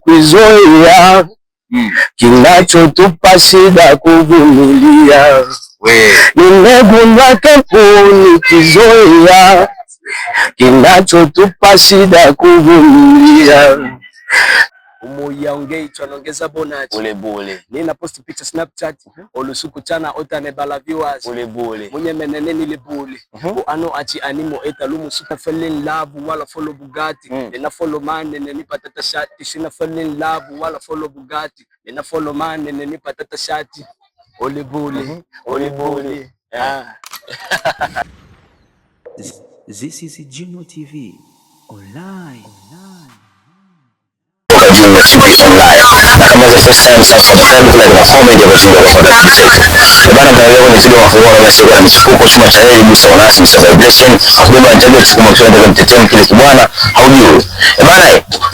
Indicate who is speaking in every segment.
Speaker 1: kuizoea mm. Kinachotupa shida kuvumilia, nimegundwa kampuni kizoea, kinachotupa shida kuvumilia umuyaongei twanongeza bonus ule bule ni na post picture Snapchat uh mhm. -huh. olusuku chana otane bala viewers ule bule munye menene ni le bule mhm. uh -huh. ano achi animo eta lumu suka fell in love wala follow Bugatti mm. nina follow man nene ni patata shati sina fell in love wala follow Bugatti nina follow man nene ni patata shati ule bule mhm. ule bule yeah. ah.
Speaker 2: This is Gino TV online Sasa eh,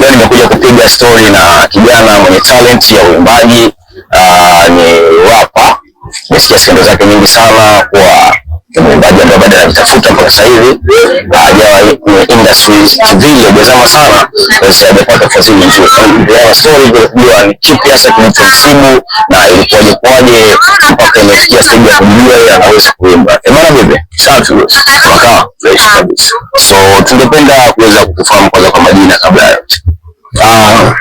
Speaker 2: nimekuja kupiga story na kijana mwenye talent ya uimbaji, ah, ni rapper. Nisikia skendo zake nyingi sana kwa mwimbaji ambaye bado anatafuta mpaka sasa hivi hajawahi kwenye industry zile hajazama sana, sasa hajapata fadhili nzuri. Kwa hiyo story ile kujua ni kipi hasa kilichomsibu na ilikuwaje kwaje mpaka imefikia stage ya kujua yeye anaweza kuimba. Emana maana vipi? Safi bro. Waka fresh kabisa. So tungependa kuweza kukufahamu kwanza kwa majina kabla ya yote. Ah,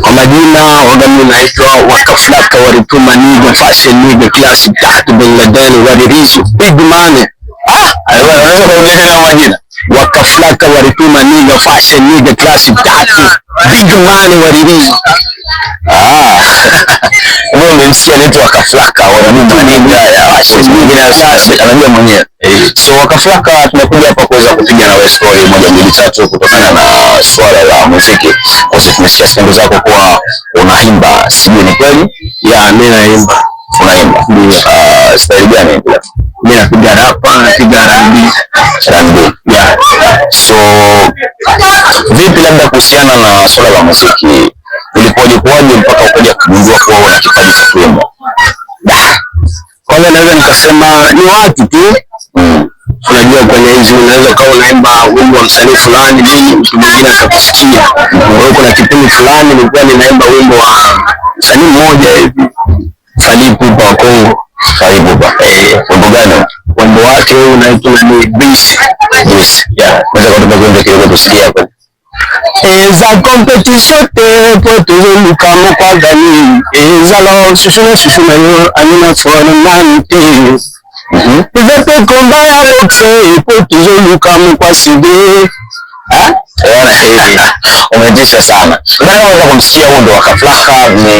Speaker 2: kwa majina wagami naitwa wakaflaka warituma niga fashion niga klasi tatu bin Laden waririzu big man ah wewe unaelewa majina wakaflaka warituma niga fashion niga klasi tatu big man waririzu Ah. Wewe umemsikia neti wakaflaka anajua mwenyewe. Eh. So wakaflaka tumekuja hapa kuweza kupiga nawe stori moja mbili tatu kutokana na swala la muziki. Kwa sababu tumesikia stori zako kuwa unaimba, sijui ni kweli? Ya, mimi naimba. Unaimba. Uh, gani? Mimi napiga rap, napiga R&B. R&B. Yeah. So vipi labda kuhusiana na swala la muziki Ilikuwaje kwaje mpaka ukaja kugundua kuwa una kipaji cha kilimo? Kwanza naweza nikasema ni watu tu mm. Unajua, kwenye hizi unaweza ukawa unaimba wimbo wa msanii fulani, mimi mtu mwingine akakusikia. Kwa hiyo kuna kipindi fulani nilikuwa ninaimba wimbo wa msanii mmoja hivi wa Kongo. Eh, wimbo wake unaitwa ni yeah. kidogo tusikie hapo. eza compétition te mpo tozoluka moko agani ezala susu na susu na yo aninaformani te eza mpe komba ya boxe mpo tozoluka moko hein? Unaona hivi umetisha sana. Nani anaweza kumsikia huyu ndo Wakaflaka ni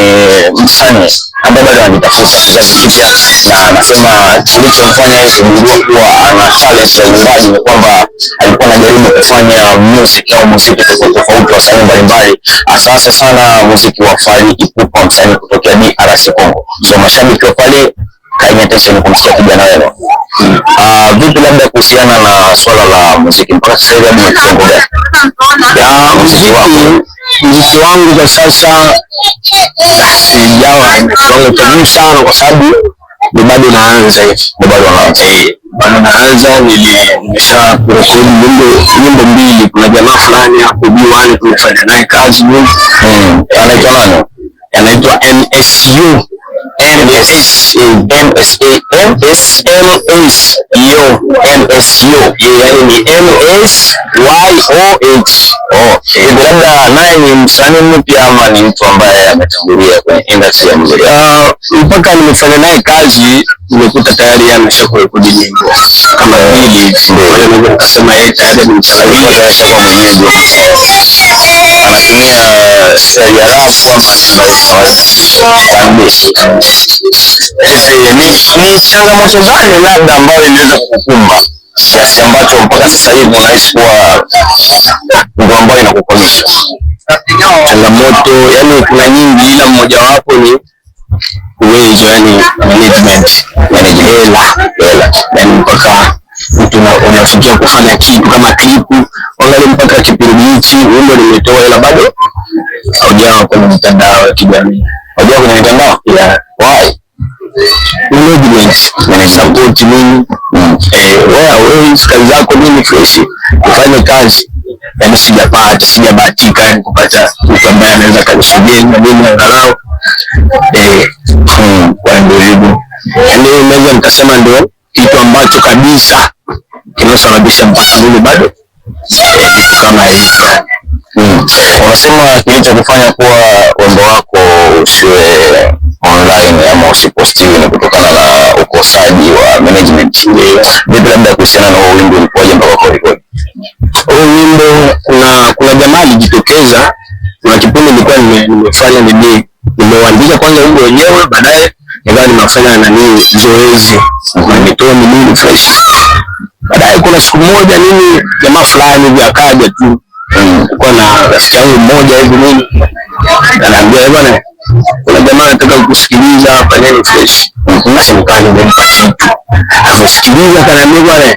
Speaker 2: msanii ambaye bado anajitafuta kiasi kipya, na anasema kilichomfanya yeye kuwa ana talent ya uimbaji ni kwamba alikuwa anajaribu kufanya music au muziki tofauti tofauti, wasanii mbalimbali, asasa sana muziki wa Fally Ipupa, msanii kutokea DRC Congo. So mashabiki wa Fally kaini attention kumsikia kijana wenu. Uh, vipi labda kuhusiana na swala la muziki mpaka sasa hivi hadi kifungo gani? Ya muziki wangu, muziki wangu kwa sasa sijawa na kiwango cha juu sana kwa sababu ni bado naanza hivi. Bado naanza. Eh, bado naanza nimesha kurekodi nyimbo nyimbo mbili. Kuna jamaa fulani hapo B1 tumefanya naye kazi. Hmm. Anaitwa nani? Anaitwa MSU. MSU, MSA, MSLSU, MSU. E Yun yan yung MSU. YOH. Okay. Labda naye ni msanii mpya ama ni mtu ambaye ametangulia kwenye industry ya muziki? Uh, mpaka nimefanya naye kazi nimekuta tayari ameshakuwa rekodi nyimbo kama eh, hili, ndio naweza nikasema yeye tayari eh, eh, ni msanii anatumia shairi alafu kabisa. Ni changamoto gani labda ambayo inaweza kukukumba kiasi ambacho mpaka sasa hivi unahisi kuwa ndio ambayo inakukwamisha changamoto? Yani kuna nyingi, ila mmojawapo ni uwezo, yani management, manage hela hela, yani mpaka mtu unafikia kufanya kitu kama klipu, angalia mpaka kipindi hichi wimbo limetoa, hela bado haujawa kwenye mitandao ya kijamii, haujawa kwenye mitandao ya why management mm. eh, wanisupport kazi zako, mimi fresh kufanya kazi, yaani sijapata, sijabahatika yani kupata mtu ambaye anaweza kanisaidia na mimi angalau eh, mm, ndio yaani naweza nikasema ndio kitu ambacho kabisa kinasababisha mpaka mimi bado eh, kama hivi. Mm. Unasema kilichokufanya kuwa wimbo wako usiwe online ama usipostiwi ni kutokana na ukosaji wa management shule. Vipi labda kuhusiana na huo wimbo ulikuwaje mpaka kwa rekodi? Huu wimbo kuna kuna jamaa alijitokeza, kuna kipindi nilikuwa nimefanya nini, nimeuandika kwanza wimbo wenyewe, baadaye nikawa nimefanya nani zoezi na nitoa mimi fresh. Baadaye kuna siku moja nini jamaa fulani hivi akaja tu, mm. kwa na rafiki yangu mmoja hivi nini, ananiambia bwana kuna jamaa anataka kusikiliza hapa neno fresh. Basi nikaanza kitu. Akasikiliza kaniambia bwana,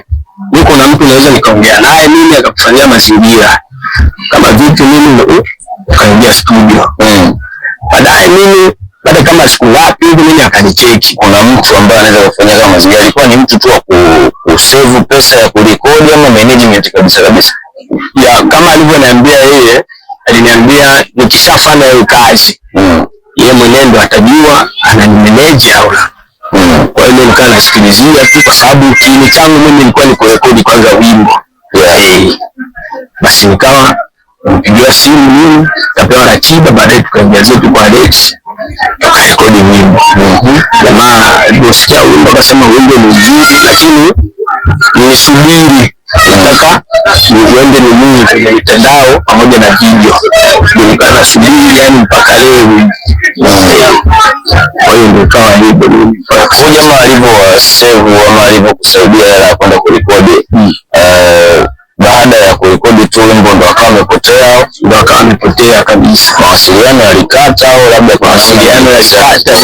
Speaker 2: niko na mtu naweza nikaongea naye mimi akakufanyia mazingira. Kama vitu mimi kaingia studio. Mm. Baadaye mimi baada kama siku ngapi hivi mimi akanicheki, kuna mtu ambaye anaweza kufanya kama mazingira. Alikuwa ni mtu tu wa kusave pesa ya kurekodi ama management kabisa kabisa. Ya kama alivyoniambia yeye, aliniambia nikishafanya hiyo kazi mm yeye mwenendo atajua ananimeneja au la. Mm. Kwa hiyo nikawa nasikilizia tu, kwa sababu kiini changu mimi nilikuwa ni kurekodi kwanza wimbo yeah. Hey. Basi nikawa mpigia simu mimi, kapewa ratiba, baadaye tukaingia zetu kwa Alex tukarekodi wimbo. Mhm. Jamaa aliposikia wimbo akasema wimbo ni mzuri, lakini nisubiri nataka niende ninunue kwenye mitandao pamoja na video. Nilikuwa nasubiri yani mpaka leo. Kwa hiyo ndio kawa hivyo. Kwa jamaa alivyo save ama alivyokusaidia hela kwenda kurekodi ndo akawa amepotea kabisa. Mawasiliano yalikata au labda mawasiliano yalikata,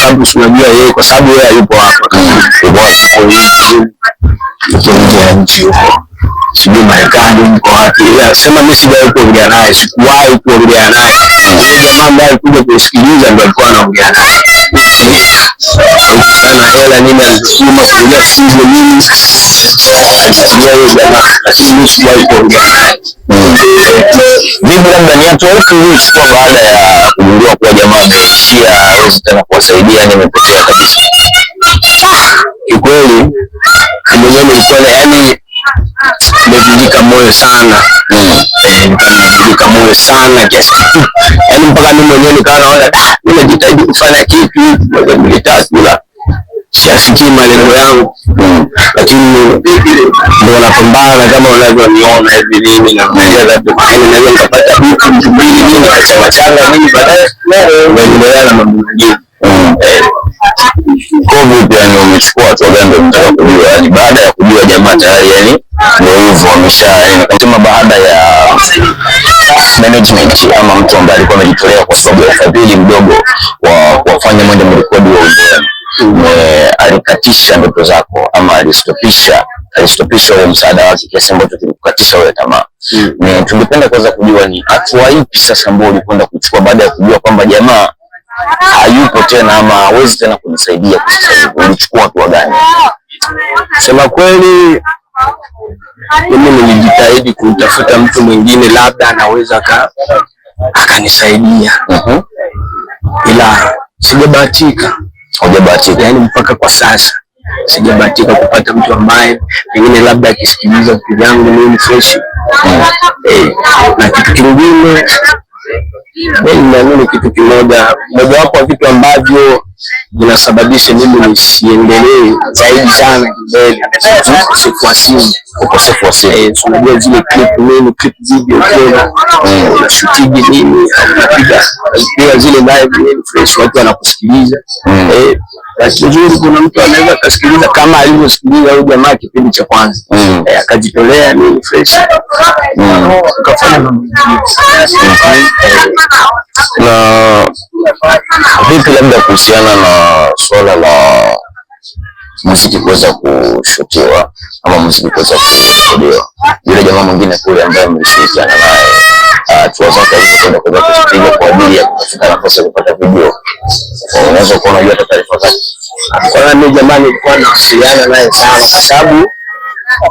Speaker 2: sababu tunajua yeye, kwa sababu yeye hayupo hapa, yupo nje ya nchi huko sijui Marekani kwa wapi, sema akasema mimi sijawahi kuongea naye, sikuwahi kuongea naye. Jamaa ambaye alikuja kusikiliza ndio alikuwa anaongea naye na hela nini alizotuma kuja kusikiza mimi akasikia huyo jamaa, lakini mimi sijawahi kuongea naye. Vipi, labda ni hatua ipi ulichukua baada ya kugundua kuwa jamaa ameishia, hawezi tena kuwasaidia, nimepotea kabisa? Kikweli mwenyewe nilikuwa yani nimevunjika moyo sana nimevunjika moyo sana kiasi kitu, yaani mpaka mimi mwenyewe nikawa naona da, ah, mimi najitahidi kufanya kitu nilitasula siafikii malengo yangu, lakini ndio napambana kama unavyoniona hivi. Mimi za naweza nikapata duka mtu mimi nikachanga changa mimi baadaye naendelea na mambo mengine. COVID yani wamechukua watu ndio kujua yani, baada ya kujua jamaa tayari yani ndio hivyo yani, baada ya management ama mtu ambaye alikuwa amejitolea kwa sababu ya ufadhili mdogo wa kuwafanya mrekodi wa alikatisha ndoto zako ama alistopisha alistopisha huo msaada wake kiasi ambacho kilikukatisha wewe tamaa. Mm. tungependa kwanza kujua ni hatua ipi sasa ambayo ulikwenda kuchukua baada ya kujua kwamba jamaa hayupo tena ama hawezi tena kunisaidia kwa sasa hivi, ulichukua hatua gani? Sema kweli, mimi nilijitahidi kumtafuta mtu mwingine, labda anaweza akanisaidia mm -hmm. ila sijabahatika. Hujabahatika? Yani mpaka kwa sasa sijabahatika kupata mtu ambaye pengine labda akisikiliza vitu vyangu mimi fresh mm. Hey, eh, na kitu kingine mimi naamini kitu kimoja, mojawapo wa vitu ambavyo vinasababisha mimi nisiendelee zaidi sana mbele, ukosefu wa simu, ukosefu wa simu. Eh, unajua zile clip nini, clip video tena, unashutigi mm. eh, nini, unapiga pia zile live nini fresh, watu wanakusikiliza mm. eh. Basi nzuri, kuna mtu anaweza kusikiliza kama alivyosikiliza huyu jamaa kipindi cha kwanza, mm. eh, akajitolea nini fresh, ukafanya mambo na Vipi labda kuhusiana na swala la muziki kuweza kushutiwa ama muziki kuweza kurekodiwa, yule jamaa mwingine kule ambaye mlishirikiana naye hatua ah, zake alizokwenda kuweza kuzipiga kwa ajili ya kutafuta nafasi ya kupata video, unaweza kuwa unajua hata taarifa zake. Kwanza mimi jamani, nilikuwa nawasiliana naye sana kwa sababu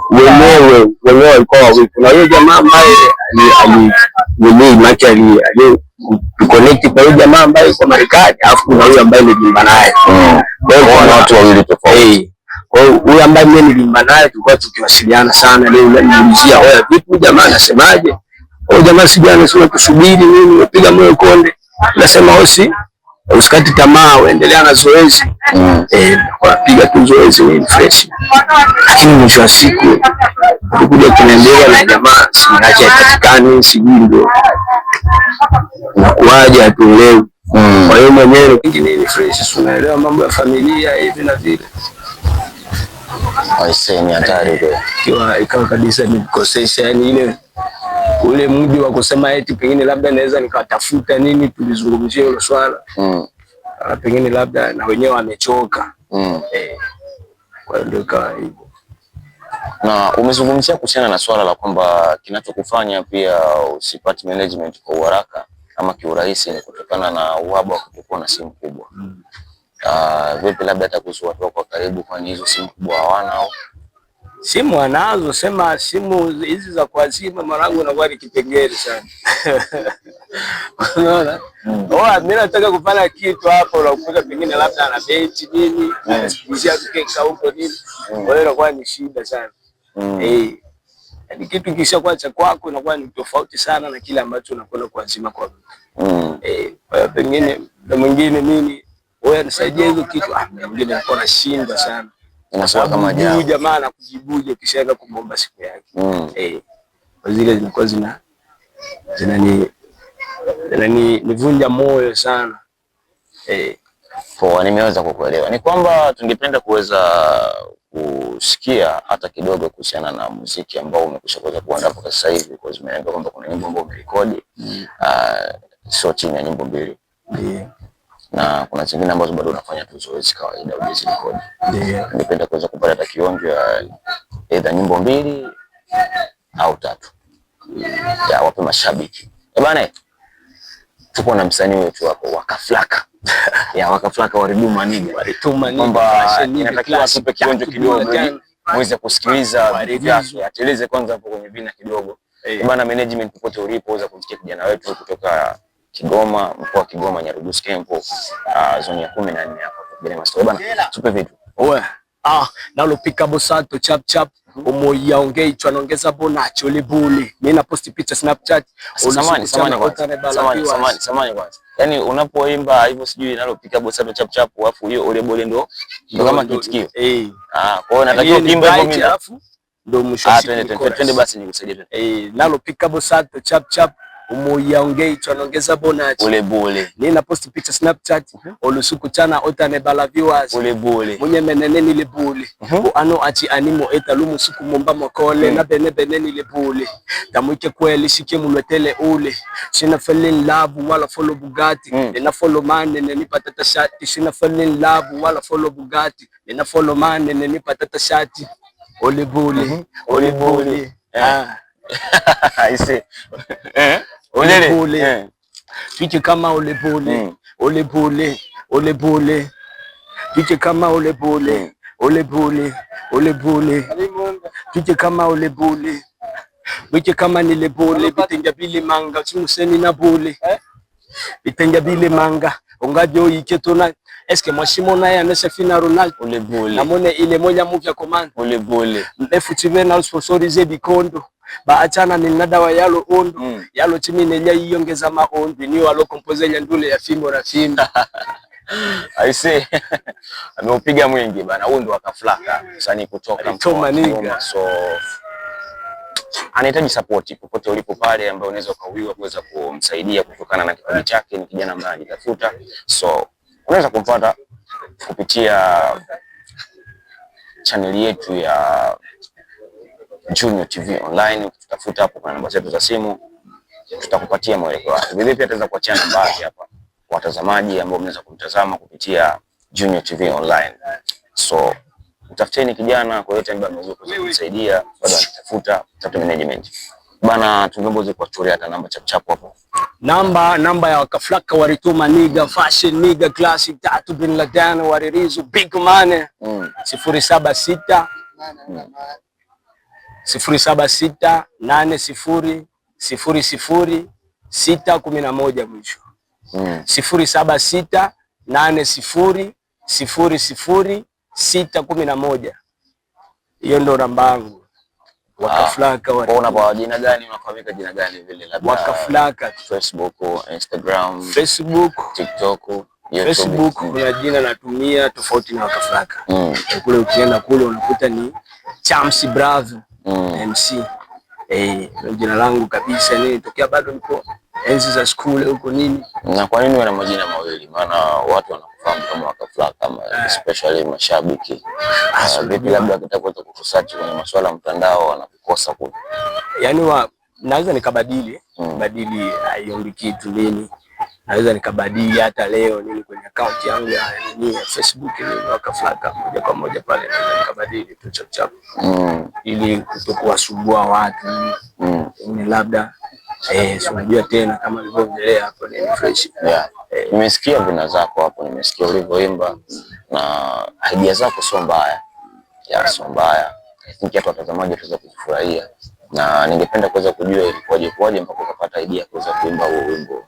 Speaker 2: wenyewe wenyewe walikuwa wawili. Kuna yule jamaa ambaye ali mwenyewe maki ali kuconnect kwa yule jamaa ambaye yuko Marekani, alafu kuna yule ambaye nilimba naye. Mm. Kwa hiyo kuna watu wawili tofauti. Eh. Kwa hiyo yule ambaye mimi nilimba naye tulikuwa tukiwasiliana sana, leo nilimjia, wewe vipi jamaa, nasemaje? Kwa jamaa sijana, sio kusubiri mimi nimepiga moyo konde. Nasema osi oh, usikati tamaa, uendelea na zoezi mm. Eh, tu zoezi wewe fresh, lakini mwisho wa siku kuja kunaendelea na jamaa, si katikani ipatikane, sijui ndio nakuaja tu leo. Mm. Kwa hiyo mwenyewe ni fresh, unaelewa mambo ya familia hivi na vile ni hatari kwa ikawa kabisa nikukosesha, yani ile ule mji wa kusema eti pengine labda naweza nikatafuta nini, tulizungumzia hilo swala mm. Ah, pengine labda na wenyewe wamechoka mm. eh, kwa hiyo Na umezungumzia kuhusiana na swala la kwamba kinachokufanya pia usipati management kwa uharaka ama kiurahisi ni kutokana na uhaba wa kutokuwa na simu kubwa mm. Uh, vipi labda hata kuhusu watu wako karibu, kwani hizo simu kubwa hawana au Simu anazo, sema simu hizi za kwa simu mwanangu, inakuwa ni kipengele sana. Unaona? Mm. Oh, mimi nataka kufanya kitu hapo, na unakuta pengine labda ana beti nini, kusikizia mm. keka huko nini. Mm. Kwa hiyo inakuwa ni shida sana. Mm. Eh. Yaani kitu kisha kwa cha kwako inakuwa ni tofauti sana na kile ambacho unakwenda kwa kuazima kwa mtu. Eh, kwa pengine na mwingine nini, wewe nisaidie hizo kitu, ah, mwingine anakuwa anashinda sana inakuwa kama jana. Huyu jamaa siku yake? Mm. Eh. Zile zinakuwa zina zinani zinani nivunja moyo sana. Eh. Poa, nimeweza kukuelewa. Ni kwamba tungependa kuweza kusikia hata kidogo kuhusiana na muziki ambao umekwisha kuweza kuandaa mpaka sasa hivi, kwa sababu nimeambiwa kwamba kuna nyimbo ambayo umerekodi. Mm. Uh, sio chini ya nyimbo mbili. Yeah na kuna zingine ambazo bado unafanya tu zoezi kawaida ujezi rekodi. Yeah. Ningependa kuweza kupata hata kionjo ya aidha nyimbo mbili au tatu. Ya wape mashabiki. Eh, bana tupo na msanii wetu hapo wakaflaka. ya wakaflaka wariduma nini? Warituma nini? Kwamba inatakiwa tupe kionjo kidogo ili muweze kusikiliza vyaso. Ateleze kwanza hapo kwenye vina kidogo. Eh. eh, bana management popote ulipo uweza kumsikia kijana wetu kutoka Kigoma, mkoa wa Kigoma, Nyarugusu Kempo, uh, ah, zoni ya 14 hapo bila masoba tupe kumi na nne hapa ah, nalopika bosato chap chap umoya ongei chwanaongeza bona cholibuli mimi na post picha Snapchat. Samani samani samani samani kwanza, yani unapoimba hivyo sijui nalopika bosato chap chap, alafu hiyo ole bole ndo ndo kama kitikio eh. Ah, kwa hiyo natakiwa yaani kimba hivyo mimi alafu ndo mwisho. Ah, twende twende basi, nikusaidie twende eh, nalopika bosato chap chap umuyaongei chonongeza bona bule bule ni na post picture Snapchat uh mhm. -huh. olusuku chana otane bala viewers bule bule munye menene ni le bule mhm. uh -huh. ano achi animo eta lumu suku momba mokole uh na bene bene ni le bule tamwike kweli shike mulwetele ule shina fall in love wala follow Bugatti uh na follow man ni patata shati shina fall in love wala follow Bugatti na follow man ni patata shati ole bule ole bule eh. ah Aise. Eh? Polepole. Eh. Piche kama ole Ole pole. Hmm. pole. Ole pole. Piche kama ole Ole pole. pole. Ole pole. Piche kama ole pole. Piche kama ni pole. Bitenja bile manga, usimuseni na pole. Bitenja eh? bile manga, ungajo iketona Eske mwashimo naye anasefina Ronaldo polepole. Namone ile moja muvya komanda polepole. Mrefu tibe na sponsorize bikondo baachana nina dawa yalo ondo mm. yalo chimi neja iyongeza maondi niyo alokompozenya ndule ya fimbo na fimbo aise ameupiga mwingi bana, huyu ndo akaflaka msanii kutoka Maniga, so anahitaji support popote ulipo pale, ambaye unaweza ukawiwa kuweza kumsaidia kutokana na kipaji chake. Ni kijana ambaye anajitafuta, so unaweza kumpata kupitia chaneli yetu ya Junior TV Online, ukitafuta hapo kuna namba zetu za simu, tutakupatia mwelekeo wake. Vipi pia tutaweza kuachia namba yake hapa watazamaji ambao mnaweza kumtazama kupitia Junior TV Online. So mtafuteni kijana kwa yote ambayo ameweza kusaidia, bado anatafuta tatu management. Bana tungembozi kwa story hata namba chap chap hapo. Namba namba ya wakaflaka warituma niga fashion niga classic tatu bin ladan waririzu big money mm. 076 mm sifuri saba sita nane sifuri sifuri sifuri sita kumi na moja mwisho mm. sifuri saba sita nane sifuri sifuri sifuri sita kumi na moja hiyo ndo namba yangu. Wakaflaka ah. jina gani? Unafahamika jina gani vile, labda Wakaflaka Facebook, Instagram, Facebook, TikTok, YouTube. Facebook kuna jina natumia tofauti na Wakaflaka mm. kule ukienda kule unakuta ni Chamsi Bravo mm. MC eh, jina langu kabisa nini, yaani tokea bado niko enzi za skule huko nini. Na kwa nini wana majina mawili? Maana watu wanakufahamu kama wakafla kama eh. especially mashabiki ah, eh, vipi, labda kitapata kukusachi kwenye masuala ya mtandao wanakukosa kule, yani wa naweza nikabadili mm. badili haiombi ah, kitu nini naweza nikabadili hata leo nini kwenye account yangu ya nini ya Facebook ni flaka moja kwa moja pale, naweza nikabadili tu chap chap mm. ili kutokuwasumbua watu mm. ni yaani labda eh, si unajua tena kama nilivyoongelea hapo ni fresh yeah. Eh, nimesikia vina zako hapo, nimesikia ulivyoimba na idea zako sio mbaya ya sio mbaya, I think hata watazamaji wataweza kujifurahia, na ningependa kuweza kujua ilikuwaje kwaje mpaka ukapata idea kuweza kuimba huo wimbo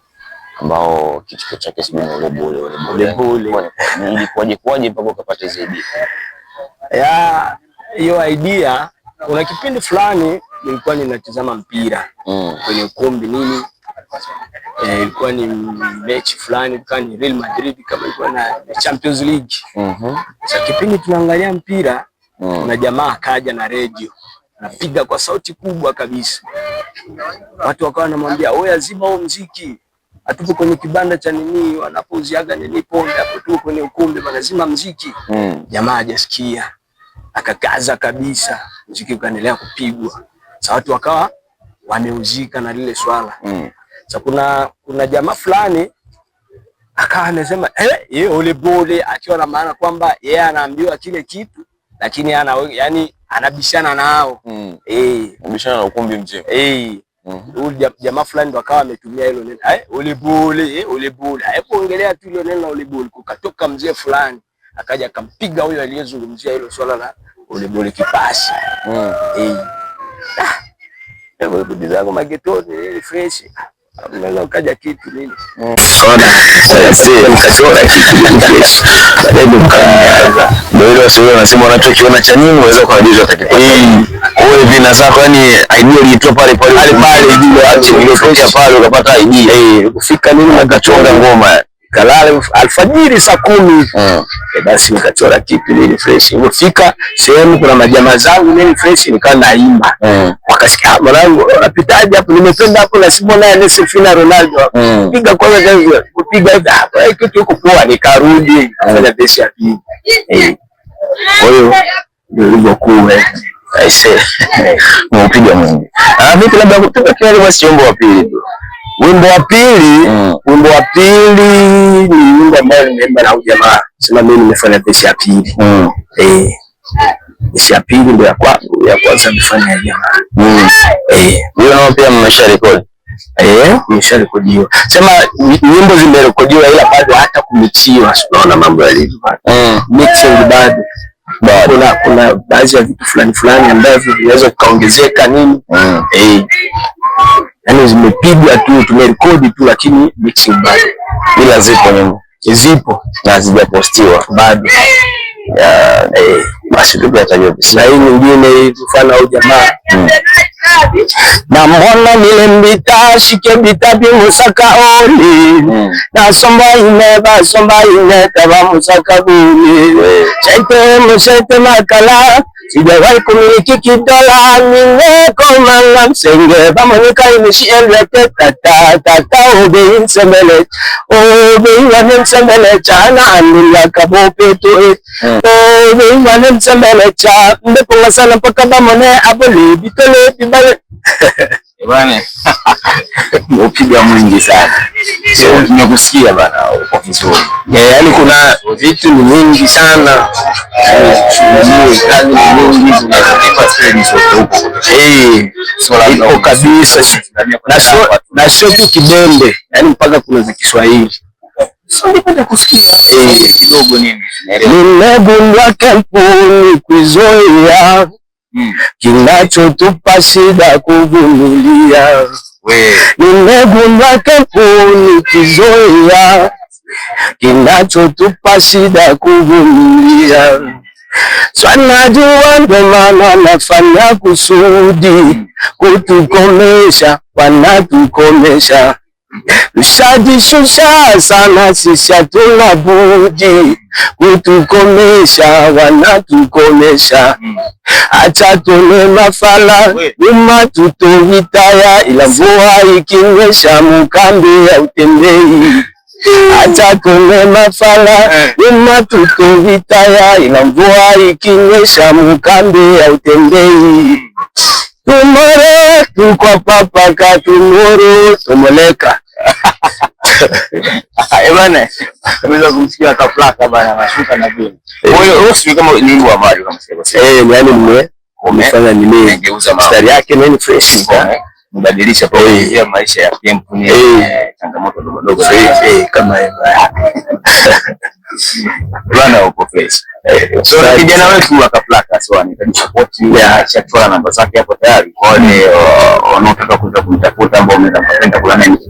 Speaker 2: ambao kichwa chake sijui ni Ulebule, Ulebule ilikuwaje kwaje mpaka ukapata hizo idea? Ya hiyo idea, kuna kipindi fulani nilikuwa ninatazama mpira mm. kwenye ukumbi nini e, ilikuwa ni mechi fulani kwa ni Real Madrid kama ilikuwa na Champions League Mhm. mm Sasa Sa kipindi tunaangalia mpira mm. kuna jamaa akaja na radio napiga kwa sauti kubwa kabisa, watu wakawa wanamwambia wewe, azima huo mziki hatupo kwenye kibanda cha nini wanapouziaga nini pombe hapo, tu kwenye ukumbi lazima mziki mm. Jamaa hajasikia akakaza kabisa, mziki ukaendelea kupigwa. sa watu wakawa wameuzika na lile swala mm. Sa kuna kuna jamaa fulani akawa anasema eh, yeye ole akiwa na maana kwamba yeye anaambiwa kile kitu, lakini ana yani anabishana nao mm. E, anabishana na ukumbi mzima eh Eh, huyu jamaa fulani ndo akawa ametumia hilo neno eh, ulibuli eh, ulibuli. Hapo ongelea tu hilo neno la ulibuli, kukatoka mzee fulani akaja akampiga huyo aliyezungumzia hilo swala la ulibuli kipasi mm. Eh, eh ah, hebu budi zangu magetoni ili eh, fresh ah, unaweza ukaja kitu nini ona sasa mkachora kitu ni fresh baadaye mkaanza ndio ile sio unasema unachokiona cha nini unaweza kuajuza katika wewe vina zako, yani idea ilitoa pale pale pale juu ya achi ilitokea pale, ukapata idea eh, kufika mimi nikachora ngoma kalale alfajiri saa kumi. Mm. E, basi nikachora kipi nini fresh, nilifika sehemu kuna majama zangu nini fresh, nikawa naimba. Mm. Wakasikia ah, mwanangu unapitaje hapo, nimependa hapo na Simona na Ronaldo mm. piga kwanza jamaa kupiga hapo ah, kitu huko poa, nikarudi kufanya besi ya pili. Kwa hiyo ndio ilivyokuwa. Aisee, nimeupiga mwingi. Ah, vipi labda kutoka kilele basi wimbo wa pili tu. Wimbo wa pili, mm. wimbo wa pili ni wimbo ambao nimeimba na ujamaa. Sema mimi nimefanya pesi ya pili. Mm. Eh. Pesi ya pili ndio ya kwangu, ya kwanza nimefanya ya jamaa. Mm. Eh, wewe nao pia mmesharekodi. Eh, mmesharekodiwa. Sema nyimbo zimerekodiwa ila bado hata kumichiwa. Unaona mambo yalivyo. Mm. Mixing bado kuna kuna baadhi ya vitu fulani fulani ambavyo vinaweza vikaongezeka nini, mm. eh, yani zimepigwa tu tumerekodi tu, lakini mixing bado, ila zipo nyimbo zipo na hazijapostiwa bado. Eh, basi ndugu atajua vizuri. Na hii nyingine mfano au jamaa hmm. na mbona nile shike bita bi musaka oli hmm. na somba ine ba somba ine taba musaka buli hmm. chaite musete makala Sijawahi kumiliki kidola, nimekoma na msenge, bamanika imeshieleke tata tata obei msembele obei wane msembele cha na anula kabope toe obei wane msembele cha mbeponga sana mpaka bamone abole bitole bibale Bwana upiga mwingi sana. Sio nimekusikia bana uko vizuri. Eh, yani kuna vitu ni eh, nyingi sana. Kazi ni kabisa. Na sio tu kibembe, yani mpaka kuna za Kiswahili. Eh, kidogo. Nini Nimegundua kampuni kuizoea kinachotupa shida kuvumilia. Nimegundua kampuni kizoea, kinachotupa shida kuvumilia. Swanajua ndo maana nafanya kusudi mm. kutukomesha, wanatukomesha Ushajishusha sana sisi hatuna budi kutukomesha, wanatukomesha. Acha tone mafala nyuma, tutovitaya ila mvua ikinyesha mukambi ya utembei. Acha tone mafala eh. nyuma, tutovitaya ila mvua ikinyesha mukambi ya utembei. Tumore tukwa papa katumuru tumoleka Ebana, eh, unaweza kumsikia bana anashuka na vile. Eh. Wewe sio kama ni kama Eh, yani umefanya eh? mstari yake ni fresh Mbadilisha kwa hiyo maisha ya ni changamoto ndogo ndogo kama Bana uko fresh. So kijana wetu wa sio ya namba zake hapo tayari. Kwa wanaotaka kuja kumtafuta ambao wamependa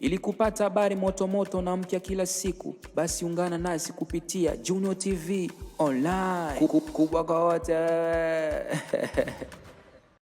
Speaker 2: Ili kupata habari motomoto na mpya kila siku, basi ungana nasi kupitia junior TV Online. Kubwa kwa wote.